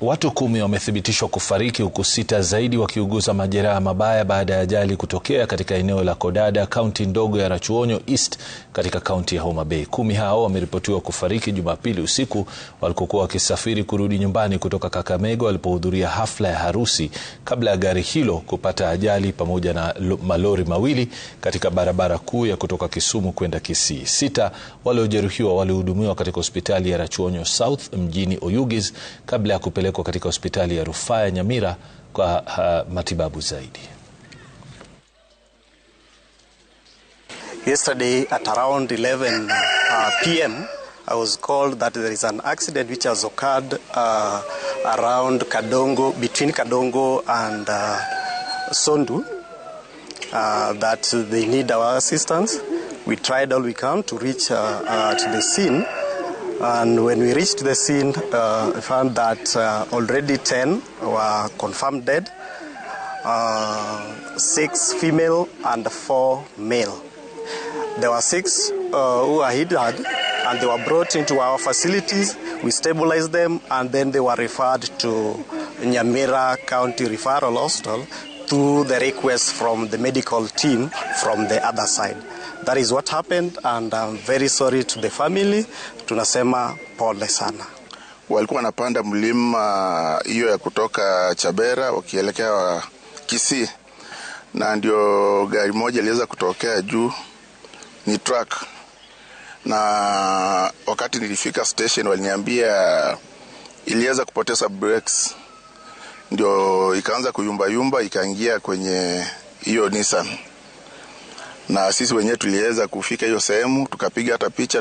Watu kumi wamethibitishwa kufariki huku sita zaidi wakiuguza majeraha mabaya baada ya ajali kutokea katika eneo la Kodada, kaunti ndogo ya Rachuonyo East katika kaunti ya Homa Bay. Kumi hao wameripotiwa kufariki Jumapili usiku walikokuwa wakisafiri kurudi nyumbani kutoka Kakamega walipohudhuria hafla ya harusi kabla ya gari hilo kupata ajali pamoja na malori mawili katika barabara kuu ya kutoka Kisumu kwenda Kisii. Sita waliojeruhiwa walihudumiwa katika hospitali ya Rachuonyo South mjini Oyugis kabla ya kupelekwa kupelekwa katika hospitali ya rufaa ya Nyamira kwa uh, matibabu zaidi. Yesterday at around 11 uh, pm I was called that there is an accident which has occurred uh, around Kadongo between Kadongo and uh, Sondu uh, that they need our assistance. We tried all we can to reach uh, uh, to the scene. And when we reached the scene, uh, we found that uh, already 10 were confirmed dead, uh, six female and four male. There were six uh, who were hidden and they were brought into our facilities. We stabilized them and then they were referred to Nyamira County Referral Hospital through the request from the medical team from the other side. That is what happened and I'm very sorry to the family. Tunasema pole sana. Walikuwa wanapanda mlima uh, hiyo ya kutoka Chabera wakielekea Kisii, na ndio gari moja iliweza kutokea juu, ni truck, na wakati nilifika station waliniambia iliweza kupoteza brakes, ndio ikaanza kuyumbayumba, ikaingia kwenye hiyo Nissan na sisi wenyewe tuliweza kufika hiyo sehemu tukapiga hata picha.